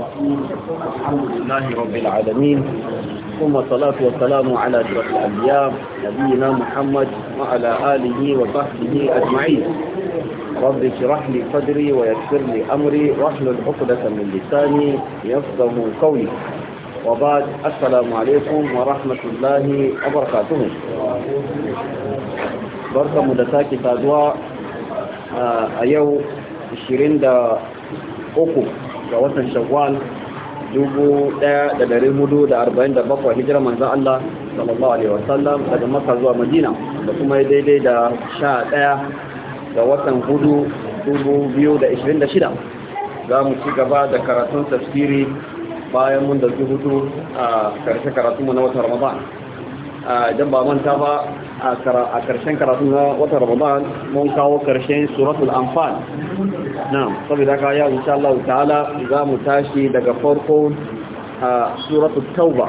الحمد لله رب العالمين ثم الصلاة والسلام على أشرف الأنبياء نبينا محمد وعلى آله وصحبه أجمعين رب اشرح لي صدري ويسر لي أمري واحلل عقدة من لساني يفقه قولي وبعد السلام عليكم ورحمة الله وبركاته بركة مدساكي تادوا a yau 23 ga watan shawwal 1447 hijira manzan Allah sallallahu alaihi wasallam daga Makka zuwa Madina da kuma ya daidai da 11 ga watan hudu 2026 za mu ci gaba da karatun tafsiri bayan mun da zuhudu a karshe karatunmu na watan Ramadan Idan ba manta ba a karshen karatu na wata ramadan mun kawo karshen suratul anfal na'am saboda ka ya insha Allah ta'ala za mu tashi daga farko suratul tauba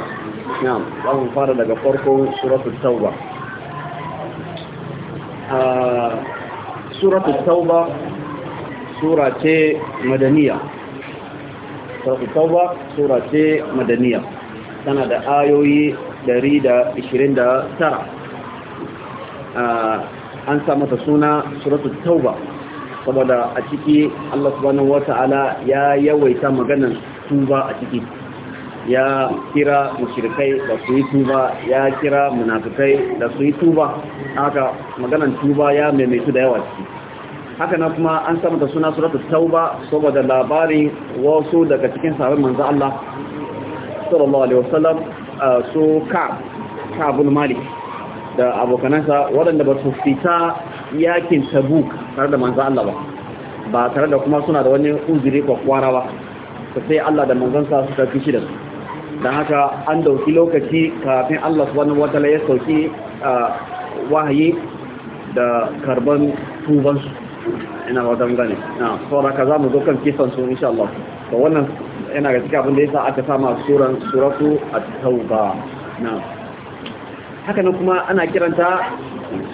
na'am za mu fara daga farko suratul tauba suratul tauba sura ce madaniya suratul tauba sura ce madaniya tana da ayoyi 129 an sa mata suna suratu tauba saboda a ciki Allah subhanahu wata'ala ya yawaita maganan tuba a ciki ya kira mushrikai da su yi tuba ya kira munafikai da su yi tuba haka maganan tuba ya maimaitu da yawa ciki haka na kuma an samata suna suratu tauba saboda labarin wasu daga cikin sabon manzo Allah sallallahu So ka kabul malik da abokanansa waɗanda ba su fita yakin tabuk tare da manzan Allah ba ba tare da kuma suna da wani uzuri kwakwara ba sai Allah da manzansa su fi shi da su don haka an dauki lokaci kafin Allah wani wataala ya sauki wahayi da karban tubansu ina wata gane na sauraka za mu zo kan kisan su insha Allah yana ga cikin abin da yasa aka sama suran suratu a tauba na haka kuma ana kiranta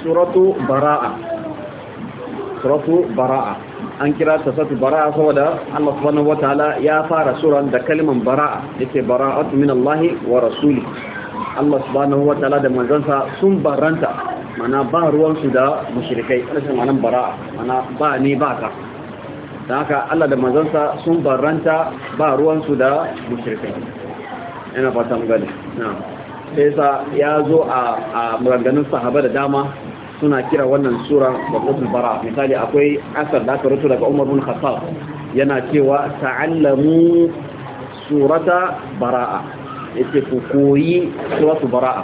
suratu bara'a suratu bara'a an kira ta suratu bara'a saboda Allah subhanahu wataala ya fara suran da kalman bara'a yake bara'atu min Allah wa rasuli Allah subhanahu wataala da manzansa sun baranta mana ba ruwansu da mushrikai ana cewa bara'a mana ba ni ba ka da haka Allah da manzansa sun baranta ba ruwansu da mushrikai ina fatan gani sai sa ya zo a maganganun sahaba da dama suna kira wannan sura da qutul bara misali akwai asar da aka rutu daga Umar bin Khattab yana cewa ta'allamu surata bara'a yace ku koyi suratu bara'a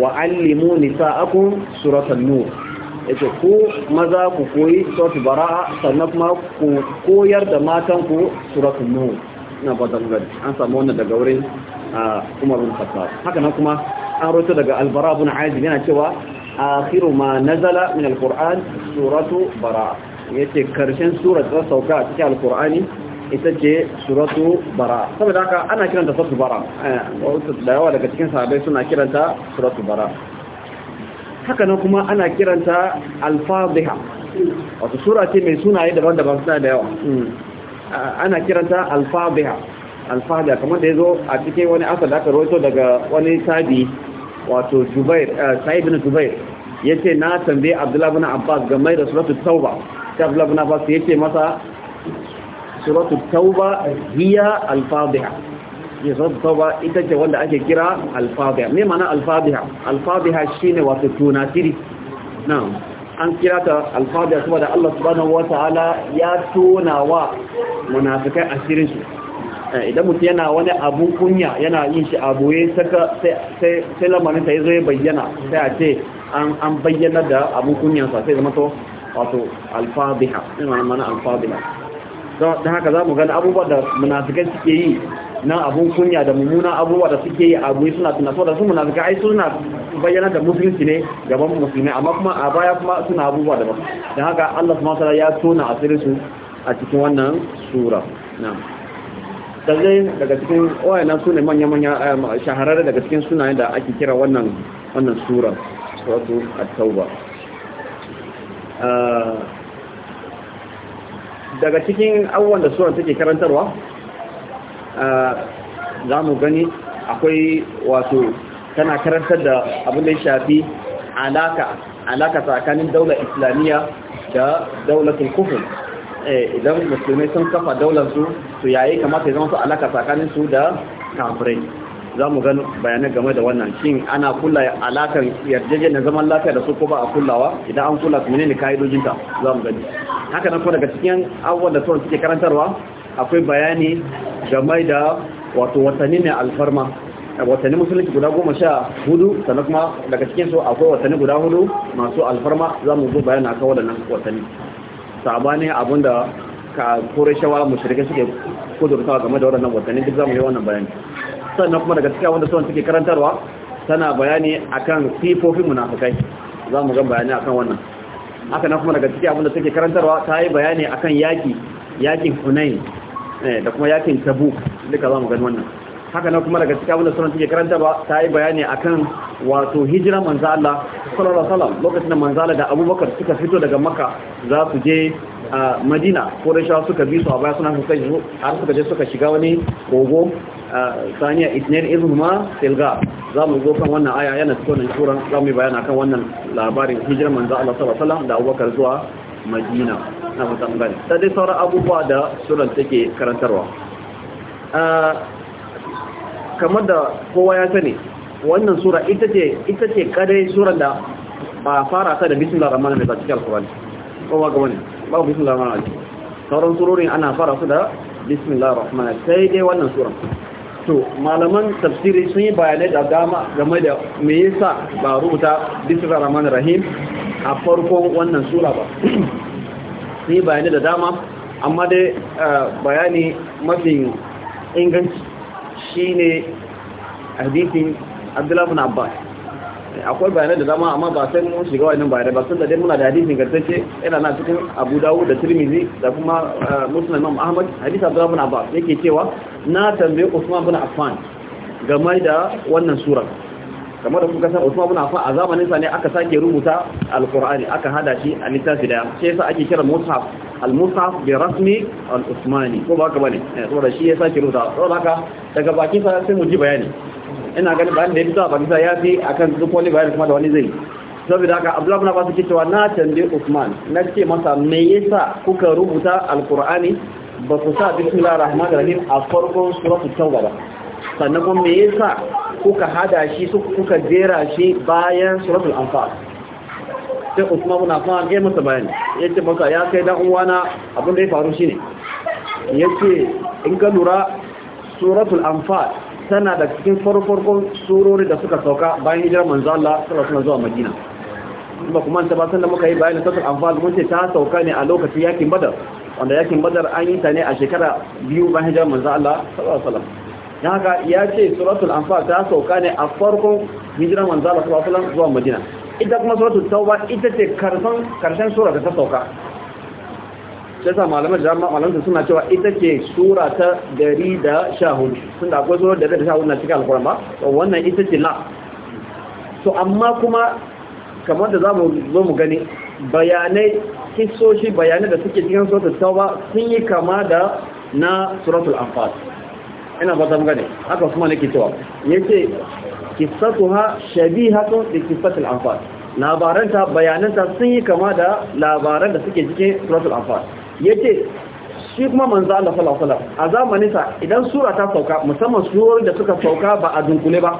wa allimu nisa'akum suratan nur yace ko maza ku koyi sautu bara'a sannan kuma ku koyar da matan ku suratul nur na an samu wannan daga wurin Umar bin Khattab haka nan kuma an rawaito daga Al-Bara bin Azib yana cewa akhiru ma nazala min al suratu bara'a yace karshen sura ta sauka a cikin al ita ce suratu bara'a saboda haka ana kiranta suratu bara'a eh, da yawa daga cikin sahabbai suna kiranta suratu bara. haka nan kuma ana kiranta al wato sura ce mai sunaye daban-daban suna da yawa hmm. ana kiranta al-fadhiha kamar da yazo a cikin wani asal da aka rawaito daga wani tabi wato Jubair eh, Sa'id bin Jubair yace na tambaye Abdullahi bin Abbas game da suratul Tauba sai abdullahi bin Abbas yace masa suratul Tauba hiya al ya ba ita ce wanda ake kira alfabiha me mana alfabiha alfabiha shine wato tunatiri na'am an kira ta alfabiha saboda Allah subhanahu ta'ala ya tona wa munafikai asirin su eh, idan mutum yana wani abu kunya yana yin shi a boye saka sai sai lamarin ta yazo ya bayyana sai a ce an bayyana da abun kunyansa sai zama to wato alfabiha me mana alfabiha don haka za mu gani abubuwa da munafikai suke yi na abun kunya da mummuna abubuwa da suke yi a guri suna tunato da su munafikai ai suna bayyana da musulunci ne gaban musulmi amma kuma a baya kuma suna abubuwa da don haka Allah subhanahu wataala ya tona asirin su a cikin wannan sura na sai daga cikin wayannan sune manya eh, manya shahararre daga cikin sunayen da ake kira wannan wannan sura wato at-tauba ah, daga cikin abubuwan da suwan take karantarwa za mu gani akwai wato tana karantar da abin da ya shafi alaka alaka tsakanin daular islamiyya da daular kufur eh, idan musulmai sun kafa daular su to yayi kamata ya zama su alaka tsakanin su da kafirai za mu gani bayanai game da wannan shin ana kula alakan yarjejeniyar zaman lafiya da su ko ba a kulawa idan an kula su menene ka'idojinta za mu gani haka nan ko daga cikin abubuwan da suke karantarwa akwai bayani game da wato watanni ne alfarma watanni musulunci guda goma sha hudu sannan kuma daga cikin su akwai watanni guda hudu masu alfarma za mu zo bayani akan waɗannan watanni sabani da ka kore shawa mushrikai suke kudurtawa game da waɗannan watanni duk za mu yi wannan bayani sannan kuma daga cikin wanda suwan suke karantarwa tana bayani akan sifofin munafikai za mu ga bayani akan wannan haka nan kuma daga cikin abinda suke karantarwa ta yi bayani akan yaki yakin hunain eh, da kuma yakin tabuk duka za mu gani wannan haka nan kuma daga cikin abin da sunan take karanta ba ta yi bayani akan wato hijira manzo Allah sallallahu alaihi wasallam lokacin da manzo Allah da Abubakar suka fito daga Makka za su je a Madina ko da shawa suka bi su a baya suna suka yi har suka je suka shiga wani kogo saniya itnain izhuma silga za mu zo kan wannan aya yana cikin wannan sura za mu yi bayani akan wannan labarin hijira manzo Allah sallallahu alaihi wasallam da Abubakar zuwa Madina na mutan gani sai dai sauran abubuwa da suran take karantarwa kamar da kowa ya sani wannan sura ita ce ita ce kadai sura da ba fara ta da bismillahir rahmanir rahim cikin alqur'ani kowa ga wani ba bismillahir rahmanir rahim sauran surori ana fara su da bismillahir rahmanir rahim sai dai wannan sura to malaman tafsiri sun yi bayanai da dama game da me yasa ba rubuta bismillahir rahmanir rahim a farkon wannan sura ba sun yi bayanai da dama amma dai eh, bayani mafi inganci shine hadisin abdullahi bin abbas akwai bayanai da dama amma ba sai mun shiga wannan bayanai ba sun da dai muna da ga gartacce yana na cikin abu dawud da tirmizi da kuma eh, musulman imam ahmad hadisi abdullahi bin abbas yake cewa na tambaye usman bin affan game da wannan sura kamar da kuka san usman bin affan a zamanin sa ne aka sake rubuta alqur'ani aka hada shi a littafi da sai sa ake kira mushaf al bi rasmi al-usmani ko ba ka bane eh, saboda shi ya sake rubuta saboda haka daga baki sa sai mu ji bayani ina ganin bayanin da ya fito a baki sa ya fi akan duk wani bayani kuma da wani zai saboda haka abdullahi na basu cewa na tambaye usman na ce masa me yasa kuka rubuta alqur'ani ba ku sa bismillahir rahmanir rahim a farkon suratul ba sannan kuma me yasa kuka hada shi kuka jera shi bayan suratul anfal sai usman muna fara ya masa bayani ya ce maka ya kai dan uwana abin da ya faru shine ya ce in ka lura suratul anfal tana da cikin farfarkon surori da suka sauka bayan hijirar manzo Allah sallallahu alaihi zuwa Madina kuma kuma ta ba san da muka yi bayani suratul anfal mun ce ta sauka ne a lokacin yakin badar wanda yakin badar an yi ta ne a shekara biyu bayan hijirar manzo Allah sallallahu alaihi wasallam dan haka ya ce suratul anfal ta sauka ne a farkon hijirar manzo Allah sallallahu alaihi wasallam zuwa Madina ita kuma suratul tauba ita ce karshen karshen sura da ta sauka sai sa malamai jama'a malamai suna cewa ita ce sura ta 114 tunda akwai sura da 114 na cikin alkur'an ba wannan ita ce la to amma kuma kamar da zamu zo mu gani bayanai kissoshi bayanai da suke cikin suratul tauba sun yi kama da na suratul anfal ina ba mu gane haka kuma nake cewa yace qissatuha shabihatun bi qissatil anfal labaranta bayananta sun yi kama da labaran da suke cikin suratul anfal yace shi kuma manzo Allah sallallahu alaihi wasallam a zamanin sa idan sura ta sauka musamman surorin da suka sauka ba a dunkule ba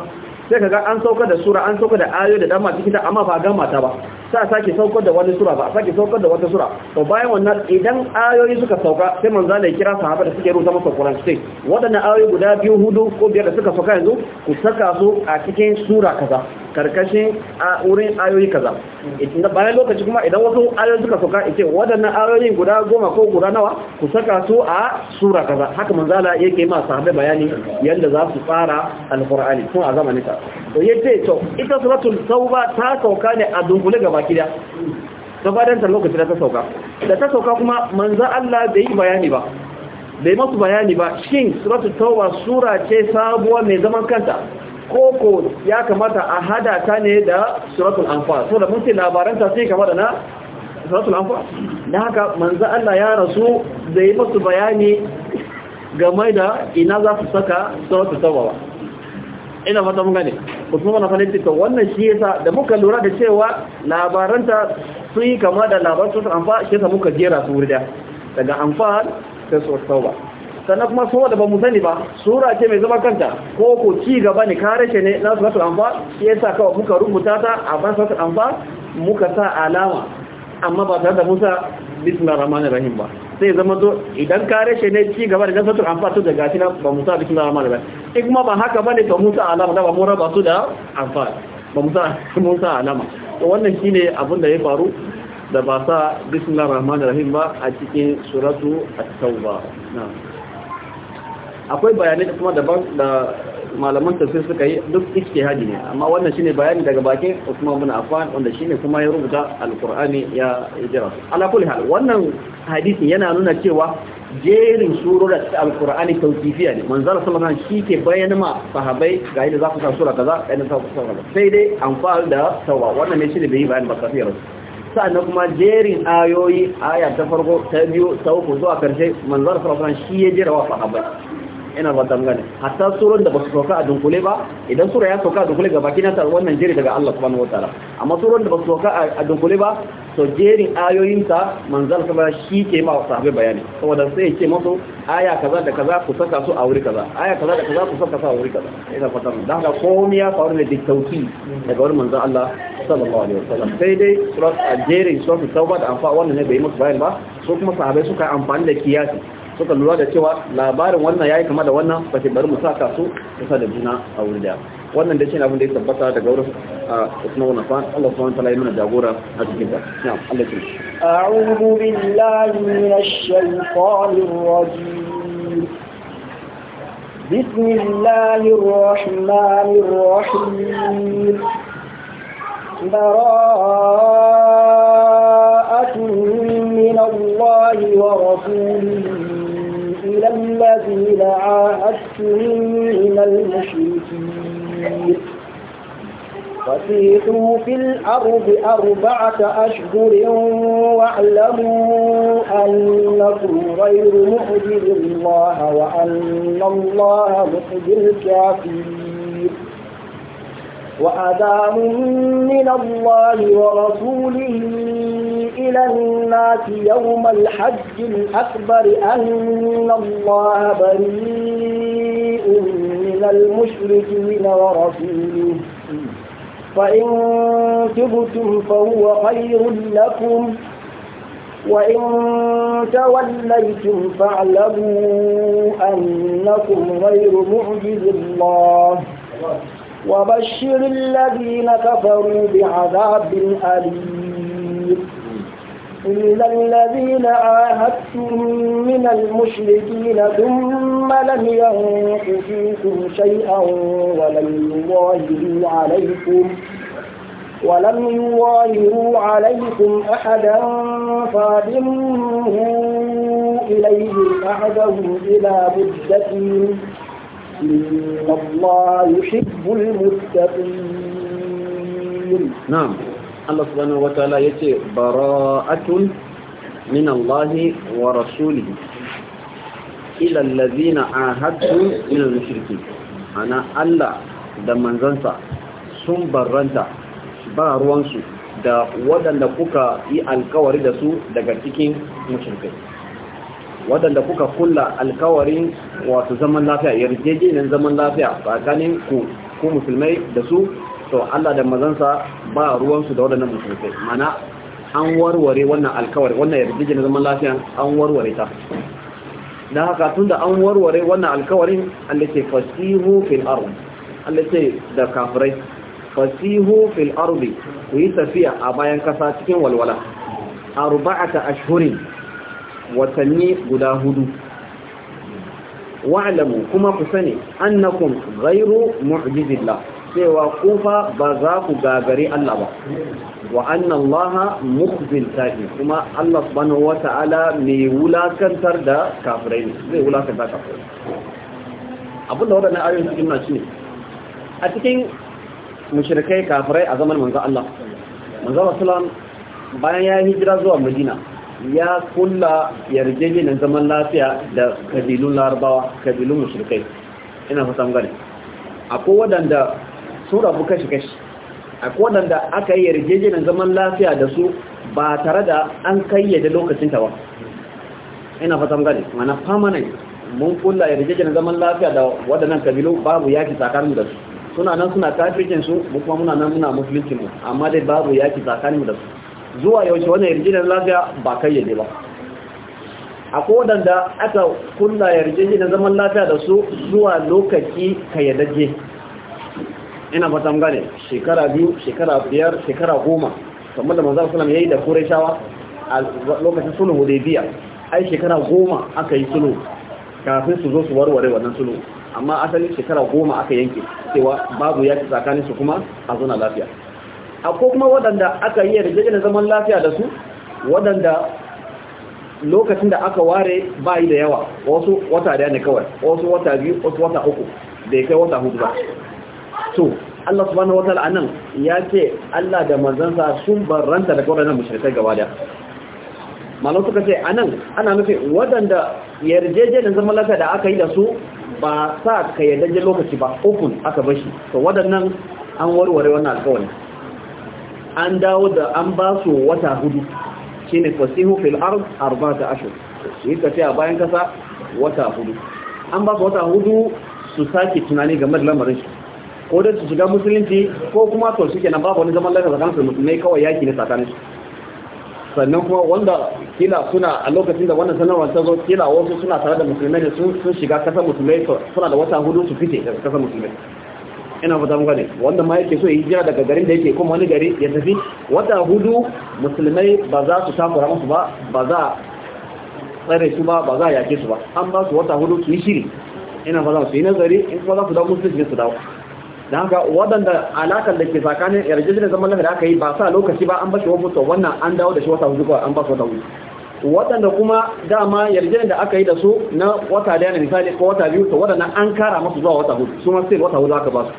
sai kaga an sauka da sura an sauka da ayo da dama cikin ta amma ba gama ta ba sa sake saukar da wani sura ba a sake saukar da wata sura to bayan wannan idan ayoyi suka sauka sai manzo Allah ya kira sahaba da suke rubuta masa Qur'an sai wadannan ayoyi guda biyu hudu ko biyar da suka sauka yanzu ku saka su a cikin sura kaza karkashin a wurin ayoyi kaza idan bayan lokaci kuma idan wasu ayoyi suka soka ite waɗannan ayoyin guda goma ko guda nawa ku saka su a sura kaza haka manzala yake ma sahabbai bayani yanda za su fara alqur'ani tun a zamanin ta to yace to ita suratul tauba ta sauka ne a dunkule gaba kida gabadantar lokaci da ta sauka da ta sauka kuma za Allah bai yi bayani ba bai masu bayani ba shin suratul tauba sura ce sabuwa mai zaman kanta koko ya kamata a hada ta ne da suratul anfa so da mun ce labaranta sai kama da na suratul anfa dan haka manzo Allah ya rasu zai musu bayani game da ina za su saka suratul tawba ina fata mun gane kuma na fadin cewa wannan shi yasa da muka lura da cewa labaranta sun yi kama da labaran suratul anfa shi yasa muka jera su wurda daga anfa sai suratul tawba sannan kuma sun da ba mu sani ba sura ce mai zama kanta ko ko ci gaba ne kare rashe ne na suratul anfal shi yasa kawai muka rubuta ta a ban suratul anfal muka sa alama amma ba tare da musa bismillah rahman rahim ba sai zama to idan kare rashe ne ci gaba da suratul anfal to daga shi na ba musa bismillah rahman rahim in kuma ba haka bane to musa alama da ba mu raba su da amfa ba musa musa alama to wannan shine abin da ya faru da ba sa bismillah rahman rahim ba a cikin suratu at-tauba na'am akwai bayanai da kuma daban da malaman tafsir suka yi duk haji ne amma wannan shine bayani daga bakin Usman bin Affan wanda shine kuma ya rubuta alqur'ani ya jira ala kulli hal wannan hadisi yana nuna cewa jerin al alqur'ani tawfifiya ne Allah sallallahu alaihi ke bayyana ma sahabbai ga yadda za ku sa sura kaza ga yadda za ku sa kaza sai dai amfani da tawwa wannan ne shine bai bayani ba kafiyar sannan kuma jerin ayoyi aya ta farko ta biyu ta uku zuwa karshe Allah sallallahu alaihi shi ya jira wa sahabbai ina ba tamgane hatta surar da ba su sauka a dunkule ba idan sura ya sauka a dunkule ga baki na ta wannan jeri daga Allah subhanahu wataala amma surar da ba su sauka a dunkule ba to jerin ayoyin ta manzal kuma shi ke ma sahabbai bayani saboda sai ya ce musu aya kaza da kaza ku saka su a wuri kaza aya kaza da kaza ku saka su a wuri kaza ina fata mun dan ga komai ya faru ne da tauki daga wurin manzon Allah sallallahu alaihi wasallam sai dai surar al-jerin su tauba da amfa wannan ne bai musu bayani ba so kuma sahabbai suka amfani da kiyasi suka lura da cewa labarin wannan yayi kama da wannan ba sai bari mu saka su kusa da juna a wuri da wannan da cikin abin da ya tabbata daga wurin a Usman ibn Affan Allah subhanahu wa ta'ala ya mana jagora a cikin ta na'am Allah ya a'udhu billahi minash shaitanir rajim بسم الله الرحمن الرحيم براءة من الله ورسوله إلى الذين عاهدتم من المشركين فسيحوا في الأرض أربعة أشهر واعلموا أنكم غير مؤجر الله وأن الله مؤجر الكافرين وأذان من الله ورسوله إلى الناس يوم الحج الأكبر أن الله بريء من المشركين ورسوله فإن تبتم فهو خير لكم وإن توليتم فاعلموا أنكم غير معجز الله وبشر الذين كفروا بعذاب أليم إلا الذين عاهدتم من المشركين ثم لم ينقصوكم شيئا ولم يظاهروا عليكم ولم يظاهروا عليكم أحدا فأتموا إليهم أحدهم إلى مدتهم إن الله يحب المتقين نعم Allah subhanahu wataala yace bara'atun min Allah wa rasulihi ila allazina ahadtum min al-mushrikin ana Allah da manzansa sun barranta ba ruwansu da waɗanda kuka yi alkawari da su daga cikin mushrikai waɗanda kuka kulla alkawarin wato zaman lafiya yarjejeniyar zaman lafiya tsakanin ku ku musulmai da su to Allah da mazansa ba ruwansu da waɗannan musulmai mana an warware wannan alkawari wannan yarjejin zaman lafiya an warware ta da haka tunda an warware wannan alkawarin Allah fasihu fil ardh Allah da kafirai fasihu fil ardi ku yi tafiya a bayan kasa cikin walwala arba'ata ashhurin watanni guda hudu wa'lamu kuma ku sani annakum ghayru mu'jizillah cewa kufa ba za ku gagari Allah ba wa anna Allah mukhzil kafi kuma Allah subhanahu wata'ala mai wulakantar da kafirai ne zai wulakanta kafirai abinda wadannan ayoyin cikin na shine a cikin mushrikai kafirai a zaman manzo Allah manzo sallam bayan ya hijira zuwa Madina ya kulla yarjejeniyar zaman lafiya da kabilun larabawa kabilun mushrikai ina fatan gani akwai waɗanda sun mu kashi-kashi akwai da aka yi yarjejenin zaman lafiya da su ba tare da an kayyade lokacin tawa ba ina fatan gani mana permanent mun kulla yarjejenin zaman lafiya da waɗannan kabilu babu yaki tsakanin da su suna nan suna kafirkin su mu kuma muna nan muna musulunci mu amma dai babu yaki tsakanin da su zuwa yaushe wannan yarjejenin lafiya ba kayyade ba akwai waɗanda aka kula yarjejenin zaman lafiya da su zuwa lokaci kayyadajje ina fatan gane shekara biyu shekara biyar shekara goma kamar da manzan sulam ya yi da kurashawa a lokacin sulhu hudaybiya ai shekara goma aka yi sulhu kafin su zo su warware wannan sulhu amma asali shekara goma aka yanke cewa babu yaki tsakanin su kuma a zona lafiya akwai kuma waɗanda aka yi yarjejeniyar zaman lafiya da su waɗanda lokacin da aka ware bayi da yawa wasu wata daya ne kawai wasu wata biyu wasu wata uku da ya kai wata hudu ba to Allah subhanahu wataala anan ya ce Allah da manzansa sun barranta da waɗannan mushrikai gaba da malam suka ce anan ana nufi waɗanda yarjejeniyar zaman lafiya da aka yi da su ba sa ka da lokaci ba open aka bashi to wadannan an warware wannan alƙawari an dawo da an ba su wata hudu shine fasihu fil ard arba'ata ashhur shi ka ce bayan kasa wata hudu an ba su wata hudu su saki tunani game da lamarin shi ko don su shiga musulunci ko kuma to shi kenan babu wani zaman lafiya tsakanin su musulmai kawai yaki ne tsakanin su sannan kuma wanda kila suna a lokacin da wannan sanarwar ta zo kila wasu suna tare da musulmai ne sun shiga kasar musulmai suna da wata hudu su fice daga kasar musulmai ina fata muka ne wanda ma yake so ya hijira daga garin da yake kuma wani gari ya tafi wata hudu musulmai ba za su takura musu ba ba za tsare su ba ba za a yake su ba an ba su wata hudu su yi shiri ina fata su yi nazari in kuma za su dawo musulunci su dawo don haka waɗanda alakar da ke tsakanin yarjejeniyar zaman lafiya da aka yi ba sa lokaci ba an bashi wabuta wannan an dawo da shi wata hudu an ba su wata hudu waɗanda kuma dama yarjejeniyar da aka yi da su na wata daya na misali ko wata biyu to waɗanda an kara masu zuwa wata hudu su ma sai wata hudu aka ba su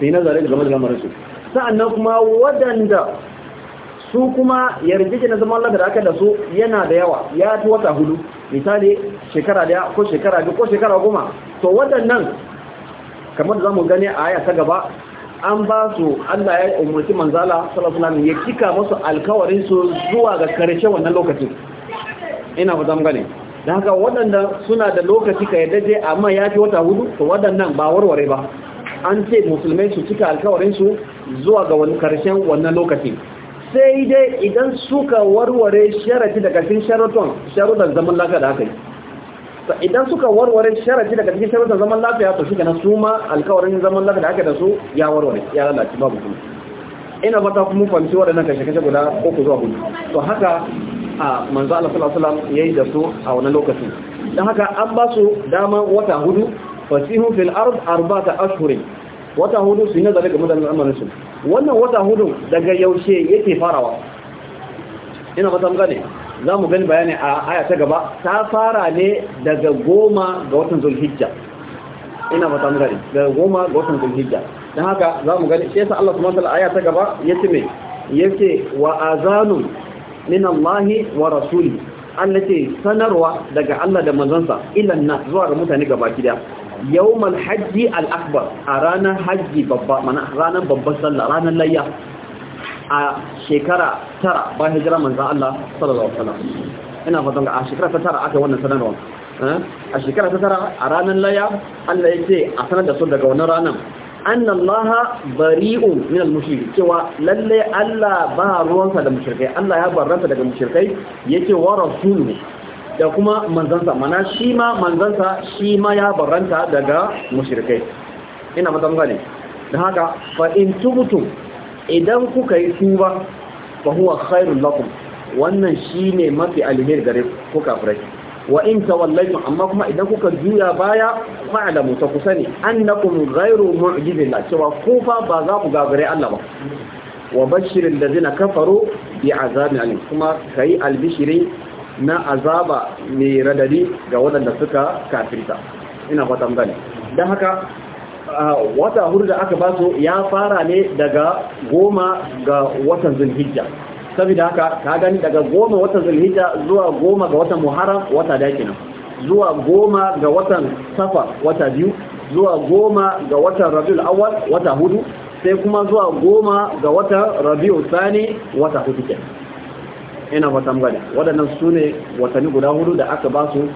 sai zare da game da lamarin su sa'annan kuma wadanda su kuma yarjejeniyar zaman lafiya da aka da su yana da yawa ya fi wata hudu misali shekara daya ko shekara biyu ko shekara goma to waɗannan kamar da za mu gani a aya ta gaba an ba su Allah ya umarci manzala salafunan ya kika musu alkawarin su zuwa ga karshe wannan lokacin ina ba mu gani da haka waɗanda suna da lokaci ka yadda je amma ya fi wata hudu to waɗannan ba warware ba an ce musulmai su cika alkawarin su zuwa ga wani karshen wannan lokaci sai dai idan suka warware sharafi daga cikin sharuɗan zaman laka da aka yi idan suka warware sharadi daga cikin sharadin zaman lafiya to shi kana suma alkawarin zaman lafiya da aka da su ya warware ya lalace babu kuma ina fata kuma fahimci waɗannan kashe-kashe guda uku zuwa hudu to haka a manzo Allah sallallahu alaihi wasallam yayi da su a wannan lokacin dan haka an ba su dama wata hudu fasihu fil ard arba'ata ashhurin wata hudu su yi nazari game da al'amarin su wannan wata hudu daga yaushe yake farawa ina fata mun gane za mu gani bayani a aya ta gaba ta fara ne daga goma ga watan zulhijja ina fata mu gani daga goma ga watan zulhijja don haka za mu gani shi yasa Allah subhanahu wa ta'ala aya ta gaba yace me yace wa azanun min Allah wa rasuli Allah ce sanarwa daga Allah da manzansa ilan na zuwa da mutane gaba gida yawmal hajji al akbar a ranar hajji babba mana ranar babbar sallah ranar layya a shekara tara ba hijira manzan Allah sallallahu alaihi wasallam ina fatan a shekara ta tara aka wannan sanarwa eh? a shekara ta tara a ranar laya Allah ya ce a sanar da su daga wannan ranar annallaha bari'un min al-mushrik cewa lalle Allah ba ruwansa da mushrikai Allah ya barranta daga mushrikai yake wa rasuluhu da kuma manzansa mana shi ma manzansa shi ma ya barranta daga mushrikai ina fatan gane da haka fa in tubtum idan kuka yi tuba fa huwa khairul lakum wannan shine mafi alheri gare ku kafirai wa in tawallaytum amma kuma idan kuka juya baya fa'lamu ta kusani annakum ghairu mu'jizillah cewa ku fa ba za ku gagare Allah ba wa bashirin da zina kafaro bi azabin alim kuma kai albishiri na azaba mai radadi ga waɗanda suka kafirta ina fatan gani don haka wata hudu da aka basu ya fara ne daga goma ga watan zulhijja saboda haka ka gani daga goma watan zulhijja zuwa goma ga watan muharram wata da kenan zuwa goma ga watan safa wata biyu zuwa goma ga watan rabiul awwal wata hudu sai kuma zuwa goma ga watan rabiul thani wata hudu kenan ina fatan gani waɗannan su ne watanni guda hudu da aka ba su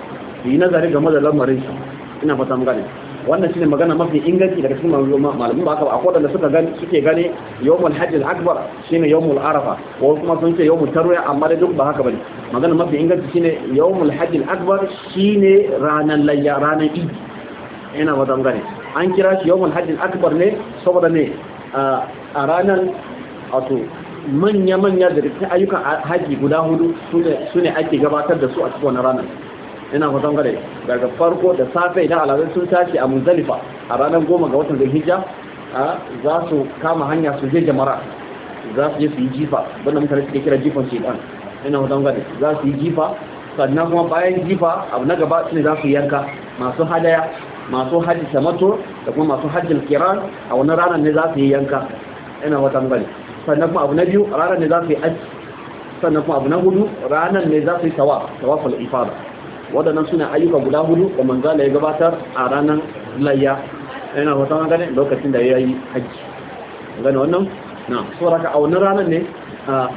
yi nazari game da lamarin su ina fatan gani wannan shine magana mafi inganci daga cikin malamin ba haka ba akwai wanda suka gani suke gani yawmul hajjil akbar shine yawmul arafa ko kuma sun ce yawmul tarwiya amma da duk ba haka bane magana mafi inganci shine yawmul hajjil akbar shine ranan layya ranan id ina wadan gane an kira shi yawmul hajjil akbar ne saboda ne a ranan wato manya-manya da ayyukan haji guda hudu su ne ake gabatar da su a cikin ranar ina fatan gare daga farko da safe idan alazai sun tashi a muzalifa a ranar goma ga watan zai za su kama hanya su je jamara za su je su yi jifa wanda mutane suke kira jifan shedan ina fatan gare za su yi jifa sannan kuma bayan jifa abu na gaba su ne za su yanka masu hadaya masu hajji samato da kuma masu hajjin kiran a wani ranar ne za su yi yanka ina watan gare sannan kuma abu na biyu ranar ne za su yi aji sannan kuma abu na hudu ranar ne za su yi tawa tawa ifada waɗannan suna ayyuka guda hudu da manzala ya gabatar a ranar layya yana hoton gane lokacin da ya yi hajji gane wannan na a wannan ranar ne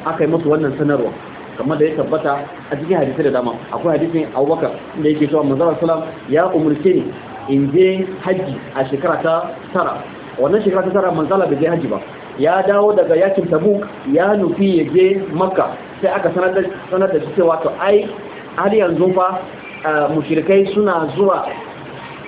aka yi musu wannan sanarwa kamar da ya tabbata a cikin hadisi da dama akwai hadisin bakar da yake cewa manzala salam ya umarce ni in je hajji a shekara ta tara wannan shekara ta tara manzala bai je haji ba ya dawo daga yakin tabuk ya nufi ya je makka sai aka sanar da shi cewa to ai har yanzu fa eh, mushrikai suna zuwa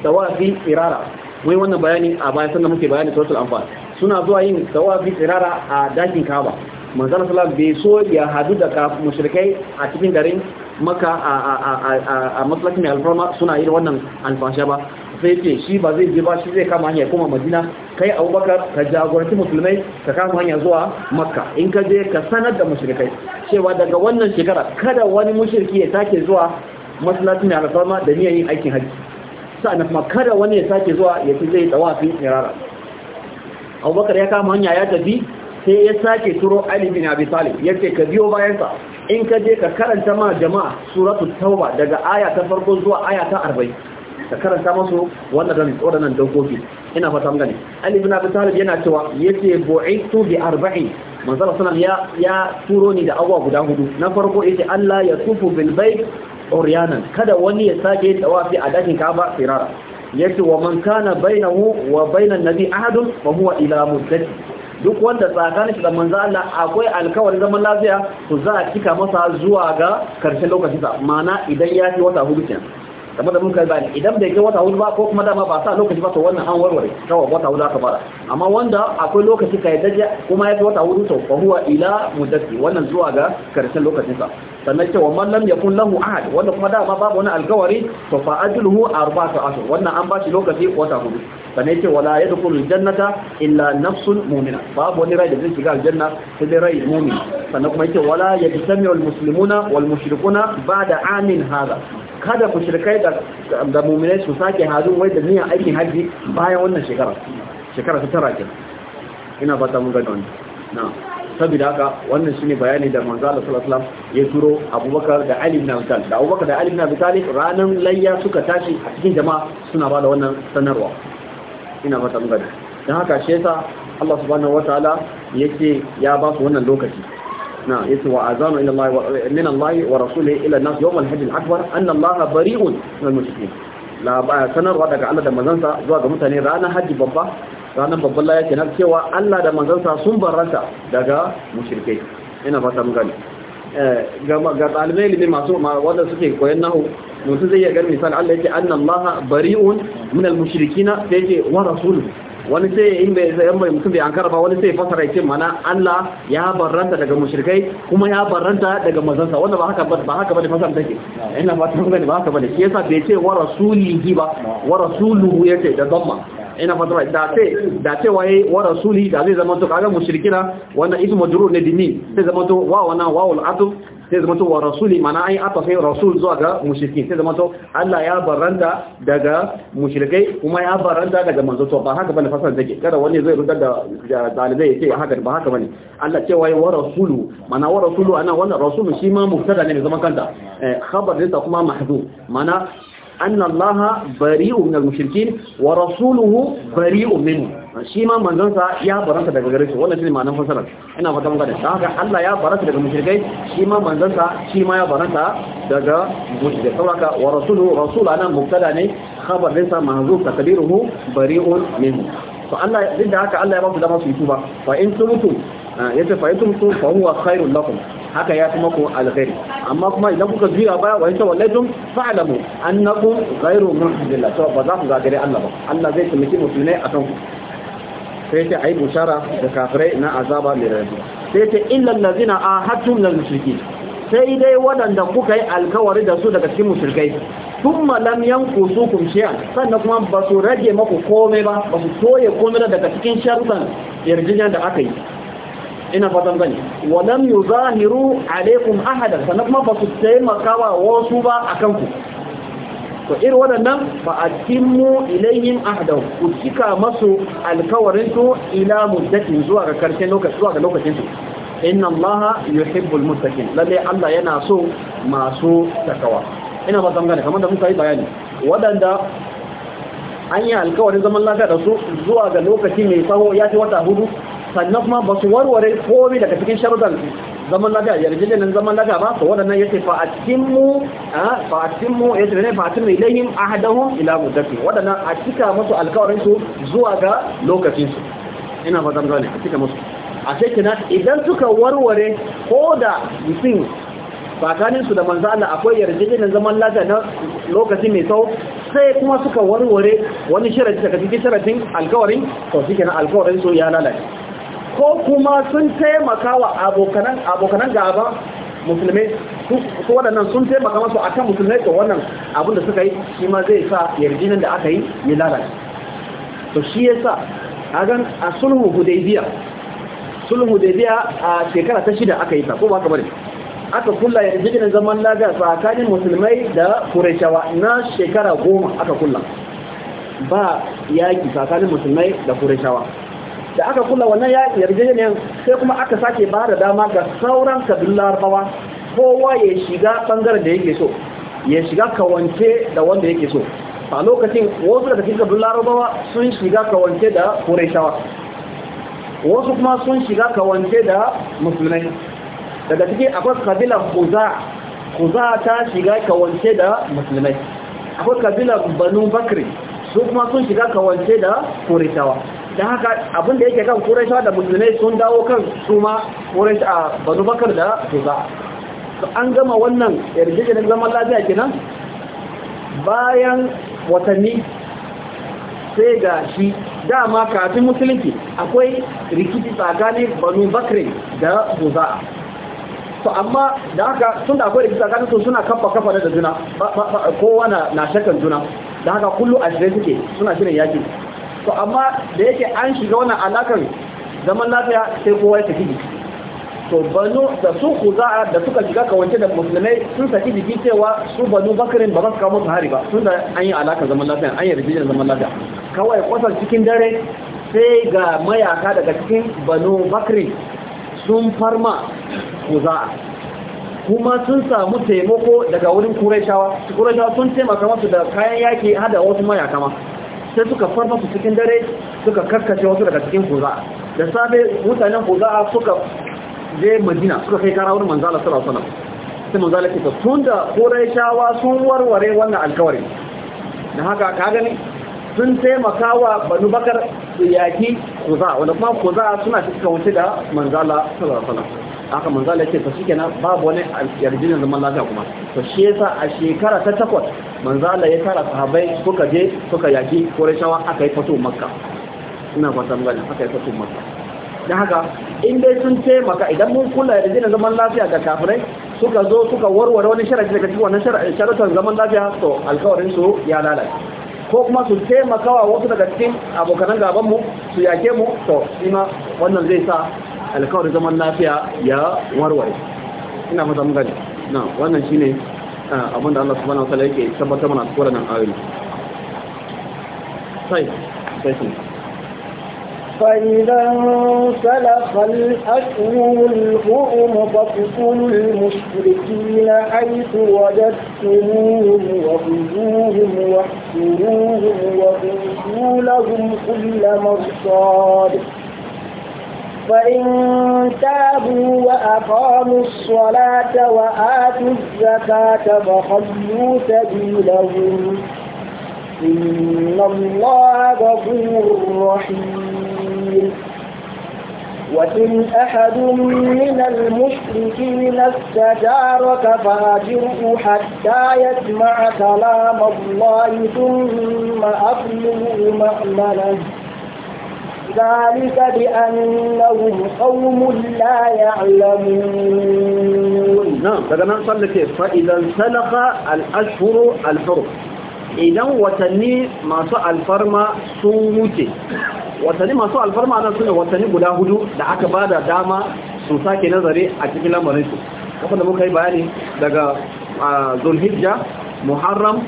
tawafi tsirara wai wannan bayani a bayan sannan muke bayani suratul anfal suna zuwa yin tawafi tsirara a dakin Kaaba manzon sallallahu bai so ya hadu da mushrikai a cikin garin maka a masallacin alfarma suna yin wannan alfasha ba sai ce shi ba zai je ba shi zai kama hanya kuma madina kai abubakar ka jagoranci musulmai ka kama hanya zuwa makka in ka je ka sanar da mashirkai cewa daga wannan shekara kada wani mashirki ya sake zuwa masallacin mai alfarma da niyan yin aikin hajji sa'annan kuma kada wani ya sake zuwa ya fi zai tawafi mirara abubakar ya kama hanya ya tafi sai ya sake turo Ali bin Abi Talib ce ka biyo bayansa in ka je ka karanta ma jama'a suratul tauba daga aya ta farko zuwa aya ta arba'in. ka karanta musu wannan dan da dokoki ina fata gani Ali bin Abi Talib yana cewa yace bu'itu bi arba'in manzala sallam ya ya turo ni da abuwa guda hudu na farko yace Allah ya tufu bil bayt uryanan kada wani ya sake tawafi a dakin Ka'aba firara yace wa man kana bainahu wa bainan nabi ahadun fa huwa ila muddati duk wanda tsakanin shi da manzo Allah akwai alkawarin zaman lafiya to za a kika masa zuwa ga karshen lokacinsa ma'ana idan ya fi wata hudu kenan kamar da mun kai bayani idan bai kai wata hudu ba ko kuma dama ba sa lokaci ba to wannan an warware kawai wata hudu aka fara amma wanda akwai lokaci kai daje kuma ya kai wata hudu to fa huwa ila muddati wannan zuwa ga karshen lokacin sa sannan cewa man lam yakun lahu ahad wanda kuma dama babu wani alkawari to fa ajluhu arba'atu ashhur wannan an bashi lokaci wata hudu sannan cewa la yadkhulu jannata illa nafsun mu'mina babu wani rai da zai shiga aljanna sai dai rai mu'min sannan kuma yake wala yajtami'u almuslimuna walmushrikuna ba'da amin haza. kada ku shirkai da muminai su sake hadu wai da niyan aikin hajji bayan wannan shekara shekara ta tara ke ina fata mun gani wani na sabida haka wannan ne bayani da manzo Allah sallallahu alaihi wasallam ya turo Abubakar da Ali ibn Abi Talib da Abubakar da Ali ibn Abi Talib ranan layya suka tashi a cikin jama'a suna bada wannan sanarwa ina fata mun gani dan haka shi yasa Allah subhanahu wataala yake ya ba su wannan lokaci نعم يسوى أذان إلى الله من الله ورسوله إلى الناس يوم الحج الأكبر أن الله بريء من المشركين لا daga Allah da manzansa zuwa ga mutane ranar haji babba ranar babban laya kenan cewa Allah da manzansa sun barranta daga mushrikai ina ga ɗalibai ilimin masu wanda suke koyan nahu mutum zai iya gani misali Allah yake anna Allah bari'un min al-mushrikina sai wa rasuluhu wani sai in bai yan bai mutum bai ankara ba wani sai fasara ce mana Allah ya barranta daga mushrikai kuma ya barranta daga mazansa. wanda ba haka ba haka bane fasara take ina ba tun gani ba haka bane shi yasa bai ce wa rasulihi ba wa rasuluhu yace da dhamma ina fasara da ce da ce waye wa rasuli da zai zama to kaga mushrikina wannan ismu majrur ne dinni sai zama to wa wana wawul atuf sai zama to wa rasuli mana ai aka sai rasul zuwa ga mushrikin sai zama to Allah ya baranta daga mushrikai kuma ya baranta daga manzo to ba haka bane fasar take kada wani zai rudar da dalibai yace haka ba haka bane Allah cewa wa rasulu mana wa rasulu ana wannan rasulu shi ma mubtada ne zaman kanta eh, khabar ne kuma mahdhu mana anna allaha bari'un minal mushrikin wa rasuluhu bari'un minhu shi ma ya baranta daga gare shi wannan shine ma'anar ina fata mun gane haka Allah ya baranta daga mushrikai shi ma manzon sa shi ya baranta daga mushrikai saboda wa rasuluhu rasulana mubtada ne khabar din sa mahzuf takdiruhu bari'un minhu to Allah duk Allah ya ba su dama su yi Ah, ya ce fa'itun su fahuwa lakum haka ya kuma maku alkhairi amma kuma idan kuka juya baya wa yanta wallaitun fa'alamu annakum ghairu muhdilah to ba za ku gagare Allah ba Allah zai tumiki musulmai akan ku sai ta ai bushara da kafirai na azaba mai rayu sai ta illal ladina ahadtum lil mushrikeen sai dai waɗanda kuka yi alkawari da su daga cikin musulkai sun malam yanku su kumshiya sannan kuma ba su rage maku komai ba ba su toye komai daga cikin sharuɗan yarjejiyar da aka yi ina fatan bane walam zahiru alaikum ahadan sannan kuma ba su taimakawa wasu ba akan ku to irin waɗannan fa atimmu ilayhim ahdahu ku cika masu alkawarin su ila muddatin zuwa ga karshen lokaci zuwa ga lokacin su inna allaha yuhibbul muttaqin lalle Allah yana so masu takawa ina ba san gane kamar da muka yi bayani waɗanda an yi alkawarin zaman lafiya da su zuwa ga lokaci mai tsawo ya ce wata hudu sannan kuma ba su warware komi daga cikin sharudan zaman lafiya yarjejenin zaman lafiya ba su waɗannan ya ce fa'atimmu ah, fa'atimu ya ce ne fa'atimmu ilayhim ahadahum ila muddati waɗannan a cika musu alkawarin su zuwa ga lokacin su ina fatan gane a cika musu a sai kina idan suka warware ko da mutum tsakanin su da manzo Allah akwai yarjejenin zaman lafiya na lokaci mai tsawo sai kuma suka warware wani sharadi daga cikin alkawarin to shi kenan alkawarin su ya lalace ko kuma sun taimaka wa abokanan gaba musulmi su waɗannan sun taimaka masu a kan musulmai ko wannan abin suka yi shi ma zai sa yarjinin da aka yi ya lalata to shi ya sa a gan a sulhu hudaybiya sulhu hudaybiya a shekara ta shida aka yi ta ko ba ka bari? aka kulla yarjinin zaman lafiya tsakanin musulmai da kurashawa na shekara goma aka kulla ba yaƙi tsakanin musulmai da kurashawa da aka kula wannan ya yarjejeniyar sai kuma aka sake ba da dama ga sauran kabilar larabawa kowa ya shiga bangaren da yake so ya shiga kawance da wanda yake so a lokacin wasu daga cikin kabilar bawa sun shiga kawance da kureshawa wasu kuma sun shiga kawance da musulmai daga cikin akwai kabilar kuza kuza ta shiga kawance da musulmai akwai kabilar banu bakri su kuma sun shiga kawance da kureshawa da haka abin da yake kan ƙuraisha da musulmai sun dawo kan su ma ƙuraisha a banu da tuba an gama wannan yarjejenin zaman lafiya kenan bayan watanni sai ga shi dama kafin musulunci akwai rikici tsakanin banu bakrin da buza to amma da haka sun da akwai rikici tsakanin su suna kafa kafa da juna kowa na shakan juna da haka kullum a shirye suke suna shirin yaki to amma da yake an shiga wannan alakar zaman lafiya sai kowa ya tafi jiki to banu da su kuza'a da suka shiga kawance da musulmai sun saki jiki cewa su banu bakarin ba za su kawo musu hari ba sun da an yi alakar zaman lafiya an yi rijiyar zaman lafiya kawai kwasar cikin dare sai ga mayaka daga cikin banu bakarin sun farma kuza'a kuma sun samu taimako daga wurin kurai shawa sun taimaka masu da kayan yaki hada wasu mayaka ma sai suka farfa su cikin dare suka karkace wasu daga cikin kuza da safe mutanen kuza suka je madina suka kai kara wani manzala sallallahu sai manzala ke tun da shawa sun warware wannan alkawari da haka ka gani sun taimaka wa banu bakar su yaki kuza wanda kuma kuza'a suna cikin wuce da manzala sallallahu haka manzo Allah ya ce to shikenan babu wani yarjinin zaman lafiya kuma to shi yasa a shekara ta takwas manzo Allah ya tara sahabbai suka je suka yaki Qurayshawa aka yi fato Makka ina fata mun gani aka yi fato Makka dan haka in dai sun taimaka idan mun kula yarjinin zaman lafiya ga kafirai suka zo suka warware wani sharadi daga cikin wannan sharatan zaman lafiya to alƙawarin su ya lalace ko kuma su taimakawa wasu daga cikin abokanan mu, su yake mu to ma wannan zai sa alkawarin zaman lafiya ya warware ina mata mun gani na wannan shine abinda Allah subhanahu wataala yake tabbata mana cikin wannan ayoyi sai sai sai فإذا انسلخ الأشهر الحرم فاقتلوا المشركين حيث وجدتموهم وخذوهم واحسروهم وقيسوا لهم كل مرصاد فإن تابوا وأقاموا الصلاة وآتوا الزكاة فخلوا سبيلهم إن الله غفور رحيم وإن أحد من المشركين استجارك فأجره حتى يسمع كلام الله ثم أبلغ مأمنه ذلك بأنهم قوم لا يعلمون نعم فكما نصلك فإذا انسلخ الأشهر الحرم idan watanni masu alfarma sun wuce watanni masu alfarma nan suna watanni guda hudu da aka ba da dama su sake nazari a cikin lamarinsu da muka yi bayani daga zulhijja muharram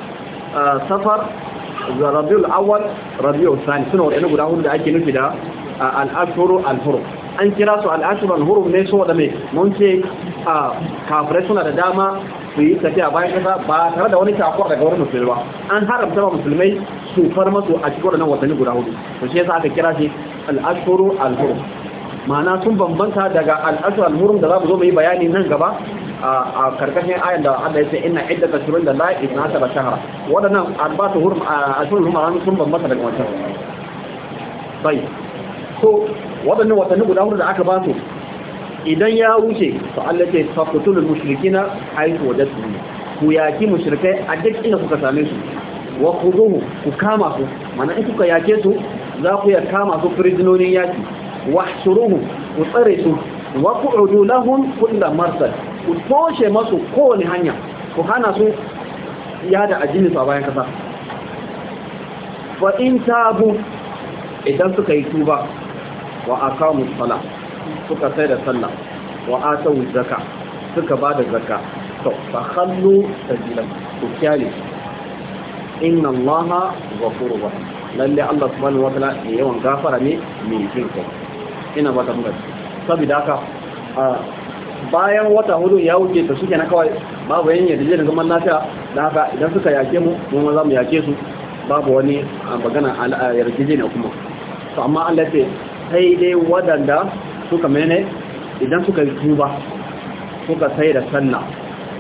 safar rabiul awwal rabiul thani suna wadannan guda hudu da ake nufi da al-ashhuru al an kira su al-ashhuru ne so da me mun ce kafirai suna da dama su yi tafiya bayan kasa ba tare da wani kafuwa daga wani musulmi ba an haramta ma musulmai su far masu a cikin wadannan watanni guda hudu to shi yasa aka kira shi al ma'ana sun bambanta daga al al'huru da za mu zo mu yi bayani nan gaba a karkashin ayar da Allah ya ce inna iddata shurun da la ibnata ba shahara wadannan arbatu hurum ashurul hurum sun bambanta daga wancan bai so wadannan watanni guda hudu da aka ba su idan ya wuce to Allah ce faqtulul mushrikina haythu wajadtum ku yaki mushrikai a duk inda kuka same su wa khuduhu ku kama su mana in kuka yake su za ku ya kama su prisonerin yaki wahshuruhu ku tsare su wa ku'udu lahum kullu marsad ku toshe masu kowane hanya ku hana su yada ajinin su bayan kasa fa in tabu idan suka yi tuba wa aqamu sala suka sai da sallah wa atu zakka suka da zakka to hannu khallu sabilan ku kyale inna allaha ghafurur rahim lalle Allah subhanahu wa ta'ala yawan gafara ne mai jinkai ina ba ta muka sabida haka bayan wata hudu ya wuce ta suke na kawai babu yin yadda zai zaman lafiya da haka idan suka yake mu mu za mu yake su babu wani ah, magana ah, ah, yarjejeniya kuma to amma Allah ce sai dai wadanda suka mene idan suka tuba suka sai da sallah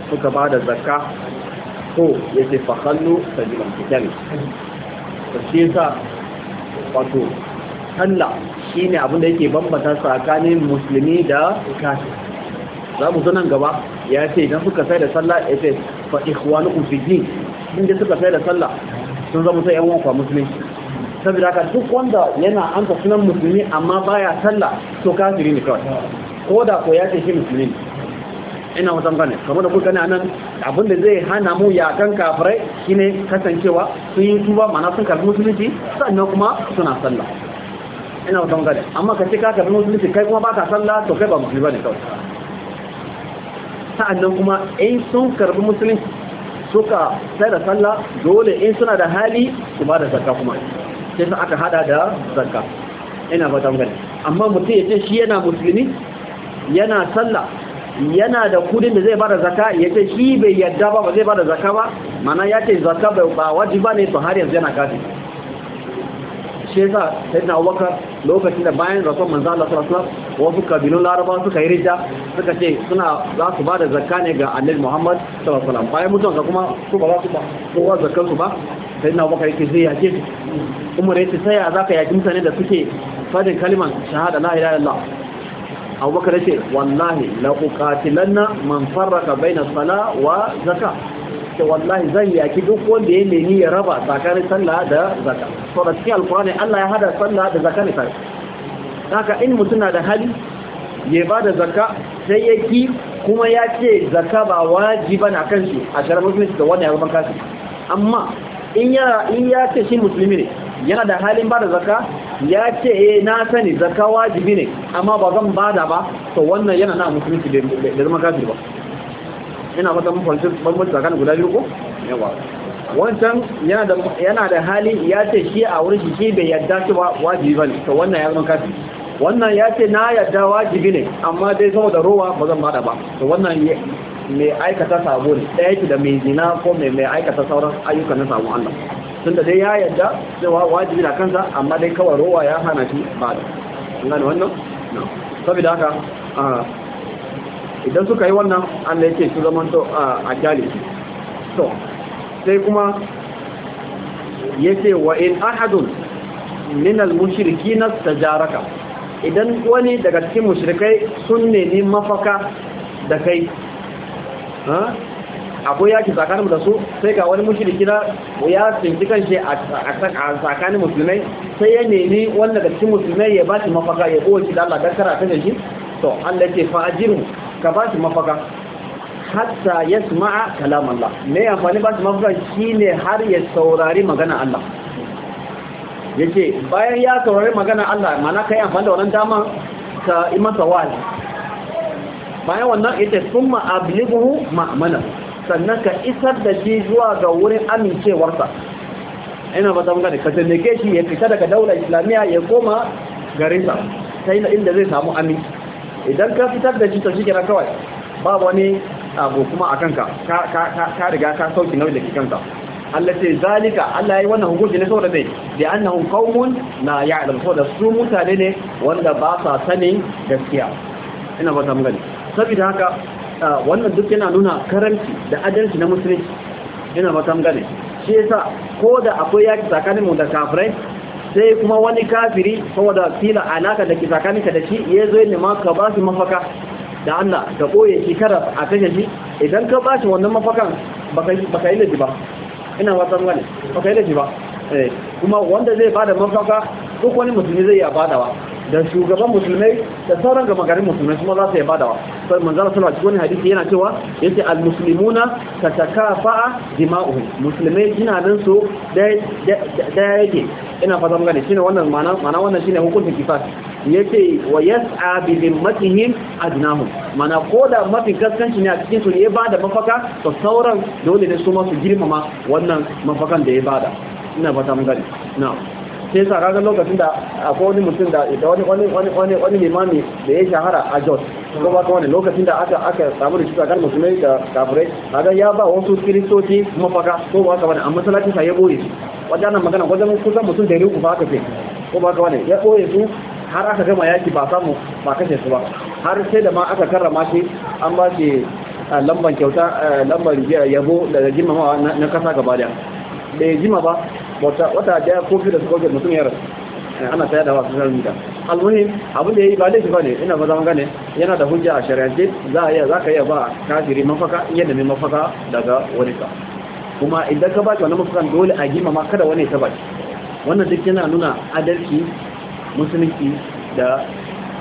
suka ba da zakka ko yace fahallu khallu sabilan kitani to shi sa wato sallah shi ne abinda yake bambata tsakanin musulmi da kafir za mu nan gaba ya ce idan suka sai da sallah ya ce fa ikhwanukum fi din inda suka sai da sallah sun zama sai yan uwan musulmi saboda ka duk wanda yana an ta sunan musulmi amma baya sallah to kafiri ne kawai ko da ko ya ce shi musulmi ina wutan gane kamar da kuka ne anan abin da zai hana mu kan kafirai shine kasancewa sun yi tuba mana sun karbi musulunci sannan kuma suna sallah ina wutan gane amma ka ce ka karbi musulunci kai kuma ba ka sallah to kai ba musulmi bane kawai sa’an kuma in sun karbi musulun suka sai da sallah dole in suna da hali su ba da zakka kuma sai sun aka hada da zakka ina ba gani amma mutum ya ce shi yana musulmi yana sallah yana da kudin da zai ba da zaka ya ce shi bai yadda ba ba zai bada zaka ba mana ya ce zaka ba wajiba ne to har yanzu yana kafin shesa yasa sayyidina Abubakar lokacin da bayan rasul manzo Allah sallallahu alaihi wasallam wasu kabilun Laraba suka yi rija suka ce suna za su ba da zakka ne ga Annabi Muhammad sallallahu alaihi wasallam bayan mutuwansa kuma su ba za su ba kowa zakkan su ba sayyidina Abubakar yake zai yake Umar yace sai ya zaka yaki mutane da suke fadin kalman shahada la ilaha illallah Abubakar yace wallahi la uqatilanna man farraka baina sala wa zakka ce wallahi zan yaki duk wanda ya nemi ya raba tsakanin sallah da zakka to da cikin alkurani Allah ya hada sallah da zakka ne tare haka in mutum na da hali ya ba da zakka sai ya ki kuma ya ce zakka ba wajiba na kan shi a shara musulunci da wannan yawan kasu amma in ya ce shi musulmi ne yana da halin ba da zakka ya ce eh na sani zakka wajibi ne amma ba zan ba da ba to wannan yana na musulunci da zama kafir ba ina fata mun fahimci bambanci tsakanin guda biyu ko yawa wancan yana da yana da hali ya ce shi a wurin shi shi bai yadda shi ba wajibi ba to wannan ya zama kafi wannan ya ce na yadda wajibi ne amma dai saboda rowa ba zan mada ba to wannan mai aikata sabo ne ɗaya ki da mai zina ko mai mai aikata sauran ayyukan na sabon Allah tun da dai ya yadda cewa wajibi na kansa amma dai kawai rowa ya hana shi ba da wannan wannan saboda haka ah, idan suka yi wannan Allah yake su zaman to a jali to sai kuma yace wa in ahadun min al-mushrikeena tajaraka idan wani daga cikin mushrikai sun nemi mafaka da kai ha ya yaki tsakaninmu da su sai ga wani mushriki na ya tsinci shi a tsakanin musulmai sai ya nemi wani daga cikin musulmai ya ba shi mafaka ya kowace da Allah don karata da shi to Allah ce fa ajiru ka ba su mafaka hatta yasma'a kalam Allah me fani ba su mafaka shine har ya saurari magana Allah yace bayan ya saurari magana Allah mana kai amfani fanda wannan dama ka yi masa wa'azi bayan wannan ita summa ablighu ma'mana sannan ka isar da shi zuwa ga wurin amincewarsa ina ba ta gane ka taimake shi ya fita daga daular islamiyya ya koma garinsa na inda zai samu aminci idan ka fitar da shi to shi kenan kawai ba wani abu kuma a kanka ka riga ka sauki nauyi da ke kanka Allah ce zalika Allah yi wannan hukunci ne saboda dai da annahu qaumun la ya'lam saboda su mutane ne wanda ba sa sanin gaskiya ina ba ta gani saboda haka wannan duk yana nuna karanci da adalci na musulunci ina ba ta gani shi yasa ko da akwai yaki tsakanin mu da kafirai sai kuma wani kafiri saboda fila alaka da ke tsakaninka da shi ya zo ne ma ka ba shi mafaka da Allah ka koye shi kada a kashe shi idan ka ba shi wannan mafakan ba ka yi laifi ba ina watan wani ba ka yi laifi ba eh, kuma wanda zai bada mafaka duk wani musulmi zai a badawa da shugaban musulmai da sauran gama garin musulmai kuma za su yaba da wa sai manzara sallallahu alaihi hadisi yana cewa yace al muslimuna tatakafa dima'uhum musulmai suna nan so da da yake ina fata mun gane shine wannan ma'ana ma'ana wannan shine hukuncin kifas yace wa yas'a bi dhimmatihim adnahum mana koda mafi kaskanci ne a cikin su ne ba da mafaka to sauran dole ne su ma su girmama wannan mafakan da ya bada ina fata mun gane na'am sai yasa kaga lokacin da akwai wani mutum da ita wani wani wani wani wani limami da ya shahara a Jos ko ba kawai lokacin da aka aka samu da tsakanin musulmai da kafirai kaga ya ba wasu kiristoci mafaka ko ba ka amma salati sa ya boye wajen magana wajen kusan mutum da ku ba ka ce ko ba ka ya boye su har aka gama yaki ba samu ba kashe su ba har sai da ma aka karrama shi an ba shi eh, lambar kyauta eh, lambar yabo daga girmamawa na kasa gaba daya bai jima ba wata daya ko biyu da suka wuce mutum ya rasu eh, ana sayar da wa social media almuhim abin da yayi ba laifi ne ina ba zama gane yana da hujja a shari'ance za a iya za ka iya ba kafiri mafaka yadda da mai mafaka daga wani ka kuma idan ka baki wani mafakan dole a ma kada wani ta baki wannan duk yana nuna adalci musulunci da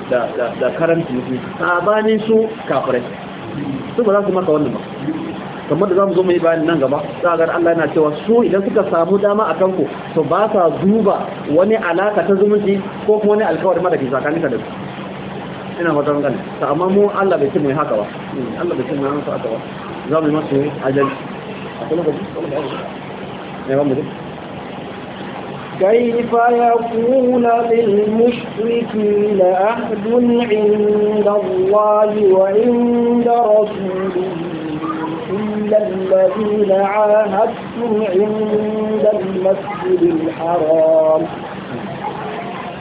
da da karanci musulunci sabanin su kafirai su ba za su maka wannan ba kamar da zamu zo mai bayani nan gaba za ga Allah yana cewa su idan suka samu dama akan ku to ba sa duba wani alaka ta zumunci ko kuma wani alkawari mara ke tsakanin ka da su ina fatan gani to amma mu Allah bai ci mu haka ba Allah bai ci mu haka ba za mu yi masu a kuma lokaci ne ba mu كيف يكون للمشركين أحد عند الله وعند رسوله إلا الذين عاهدتم عند المسجد الحرام